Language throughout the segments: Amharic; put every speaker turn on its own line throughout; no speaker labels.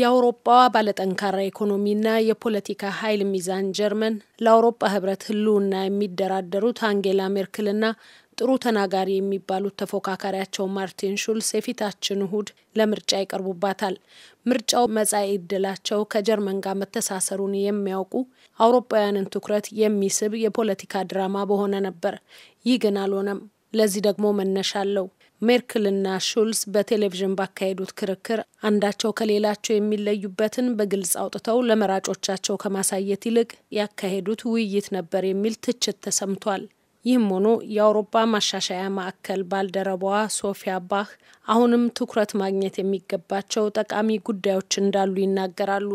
የአውሮፓዋ ባለጠንካራ ኢኮኖሚና የፖለቲካ ኃይል ሚዛን ጀርመን ለአውሮፓ ህብረት ህልውና የሚደራደሩት አንጌላ ሜርክልና ጥሩ ተናጋሪ የሚባሉት ተፎካካሪያቸው ማርቲን ሹልስ የፊታችን እሁድ ለምርጫ ይቀርቡባታል። ምርጫው መጻኢ ዕድላቸው ከጀርመን ጋር መተሳሰሩን የሚያውቁ አውሮፓውያንን ትኩረት የሚስብ የፖለቲካ ድራማ በሆነ ነበር። ይህ ግን አልሆነም። ለዚህ ደግሞ መነሻ አለው። ሜርክልና ሹልስ በቴሌቪዥን ባካሄዱት ክርክር አንዳቸው ከሌላቸው የሚለዩበትን በግልጽ አውጥተው ለመራጮቻቸው ከማሳየት ይልቅ ያካሄዱት ውይይት ነበር የሚል ትችት ተሰምቷል። ይህም ሆኖ የአውሮፓ ማሻሻያ ማዕከል ባልደረባዋ ሶፊያ ባህ አሁንም ትኩረት ማግኘት የሚገባቸው ጠቃሚ ጉዳዮች እንዳሉ ይናገራሉ።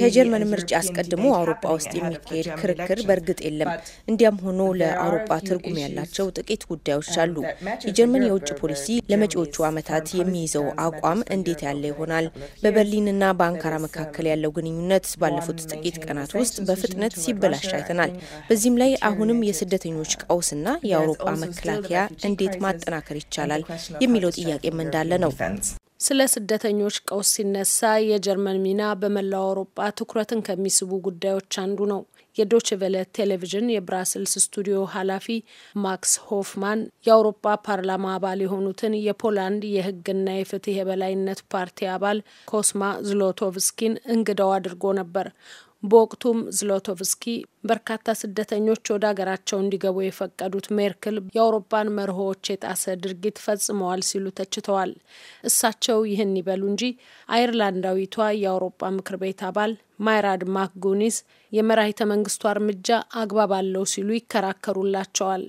ከጀርመን ምርጫ አስቀድሞ አውሮፓ ውስጥ የሚካሄድ ክርክር
በእርግጥ የለም። እንዲያም ሆኖ ለአውሮፓ ትርጉም ያላቸው ጥቂት ጉዳዮች አሉ። የጀርመን የውጭ ፖሊሲ ለመጪዎቹ ዓመታት የሚይዘው አቋም እንዴት ያለ ይሆናል? በበርሊንና በአንካራ መካከል ያለው ግንኙነት ባለፉት ጥቂት ቀናት ውስጥ በፍጥነት ሲበላሽ አይተናል። በዚህም ላይ አሁንም የስደተኞች ቀውስና የአውሮፓ መከላከያ እንዴት ማጠናከር ይቻላል የሚለው ጥያቄ ጥያቄም እንዳለ ነው።
ስለ ስደተኞች ቀውስ ሲነሳ የጀርመን ሚና በመላው አውሮፓ ትኩረትን ከሚስቡ ጉዳዮች አንዱ ነው። የዶችቬለ ቴሌቪዥን የብራስልስ ስቱዲዮ ኃላፊ ማክስ ሆፍማን የአውሮፓ ፓርላማ አባል የሆኑትን የፖላንድ የሕግና የፍትህ የበላይነት ፓርቲ አባል ኮስማ ዝሎቶቭስኪን እንግዳው አድርጎ ነበር። በወቅቱም ዝሎቶቭስኪ በርካታ ስደተኞች ወደ ሀገራቸው እንዲገቡ የፈቀዱት ሜርክል የአውሮፓን መርሆዎች የጣሰ ድርጊት ፈጽመዋል ሲሉ ተችተዋል። እሳቸው ይህን ይበሉ እንጂ አይርላንዳዊቷ የአውሮፓ ምክር ቤት አባል ማይራድ ማክጎኒስ የመራሂተ መንግስቷ እርምጃ አግባብ አለው ሲሉ ይከራከሩላቸዋል።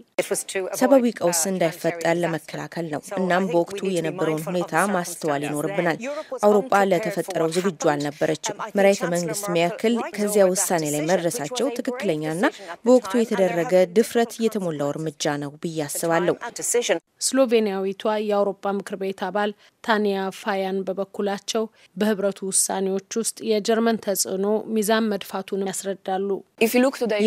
ሰብአዊ ቀውስ እንዳይፈጠር ለመከላከል ነው። እናም በወቅቱ የነበረውን ሁኔታ ማስተዋል ይኖርብናል። አውሮፓ ለተፈጠረው ዝግጁ አልነበረችም። መራሂተ መንግስት ሚያክል ከዚያ ውሳኔ ላይ መድረሳቸው ትክክለኛና በወቅቱ የተደረገ ድፍረት የተሞላው እርምጃ ነው ብዬ አስባለሁ።
ስሎቬኒያዊቷ የአውሮፓ ምክር ቤት አባል ታኒያ ፋያን በበኩላቸው በህብረቱ ውሳኔዎች ውስጥ የጀርመን ተጽ ተጽዕኖ ሚዛን መድፋቱን ያስረዳሉ።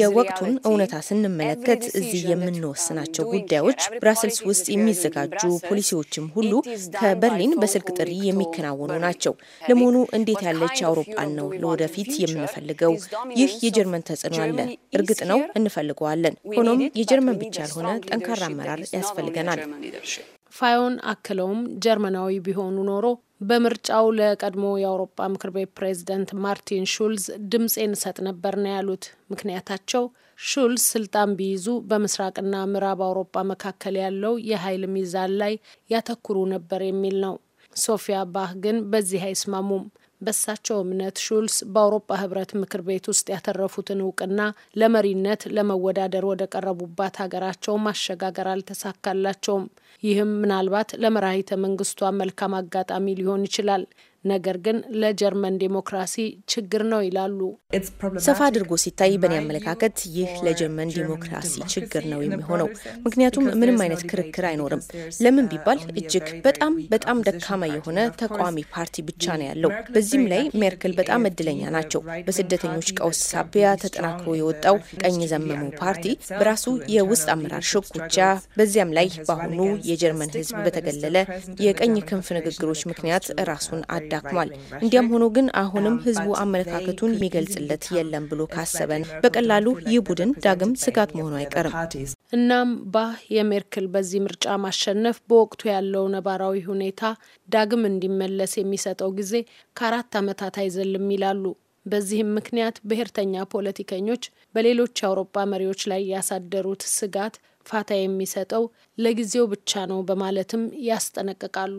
የወቅቱን
እውነታ ስንመለከት እዚህ የምንወስናቸው ጉዳዮች ብራስልስ ውስጥ የሚዘጋጁ ፖሊሲዎችም ሁሉ ከበርሊን በስልክ ጥሪ የሚከናወኑ ናቸው። ለመሆኑ እንዴት ያለች አውሮፓን ነው ለወደፊት የምንፈልገው? ይህ የጀርመን ተጽዕኖ አለ። እርግጥ ነው እንፈልገዋለን። ሆኖም የጀርመን ብቻ ያልሆነ ጠንካራ አመራር ያስፈልገናል።
ፋዮን አክለውም ጀርመናዊ ቢሆኑ ኖሮ በምርጫው ለቀድሞ የአውሮፓ ምክር ቤት ፕሬዝደንት ማርቲን ሹልዝ ድምፄን እሰጥ ነበር ነው ያሉት። ምክንያታቸው ሹልዝ ስልጣን ቢይዙ በምስራቅና ምዕራብ አውሮፓ መካከል ያለው የኃይል ሚዛን ላይ ያተኩሩ ነበር የሚል ነው። ሶፊያ ባህ ግን በዚህ አይስማሙም። በሳቸው እምነት ሹልስ በአውሮፓ ህብረት ምክር ቤት ውስጥ ያተረፉትን እውቅና ለመሪነት ለመወዳደር ወደ ቀረቡባት ሀገራቸው ማሸጋገር አልተሳካላቸውም። ይህም ምናልባት ለመራሂተ መንግስቷ መልካም አጋጣሚ ሊሆን ይችላል። ነገር ግን ለጀርመን ዴሞክራሲ ችግር ነው ይላሉ።
ሰፋ አድርጎ ሲታይ በእኔ አመለካከት ይህ ለጀርመን ዲሞክራሲ ችግር ነው የሚሆነው። ምክንያቱም ምንም አይነት ክርክር አይኖርም። ለምን ቢባል እጅግ በጣም በጣም ደካማ የሆነ ተቃዋሚ ፓርቲ ብቻ ነው ያለው። በዚህም ላይ ሜርክል በጣም እድለኛ ናቸው። በስደተኞች ቀውስ ሳቢያ ተጠናክሮ የወጣው ቀኝ ዘመሙ ፓርቲ በራሱ የውስጥ አመራር ሽኩቻ፣ በዚያም ላይ በአሁኑ የጀርመን ሕዝብ በተገለለ የቀኝ ክንፍ ንግግሮች ምክንያት ራሱን አዳ ተዳክሟል። እንዲያም ሆኖ ግን አሁንም um, ህዝቡ አመለካከቱን የሚገልጽለት የለም ብሎ ካሰበን በቀላሉ ይህ ቡድን ዳግም ስጋት መሆኑ አይቀርም።
እናም ባህ የሜርክል በዚህ ምርጫ ማሸነፍ በወቅቱ ያለው ነባራዊ ሁኔታ ዳግም እንዲመለስ የሚሰጠው ጊዜ ከአራት ዓመታት አይዘልም ይላሉ። በዚህም ምክንያት ብሔርተኛ ፖለቲከኞች በሌሎች የአውሮፓ መሪዎች ላይ ያሳደሩት ስጋት ፋታ የሚሰጠው ለጊዜው ብቻ ነው በማለትም ያስጠነቅቃሉ።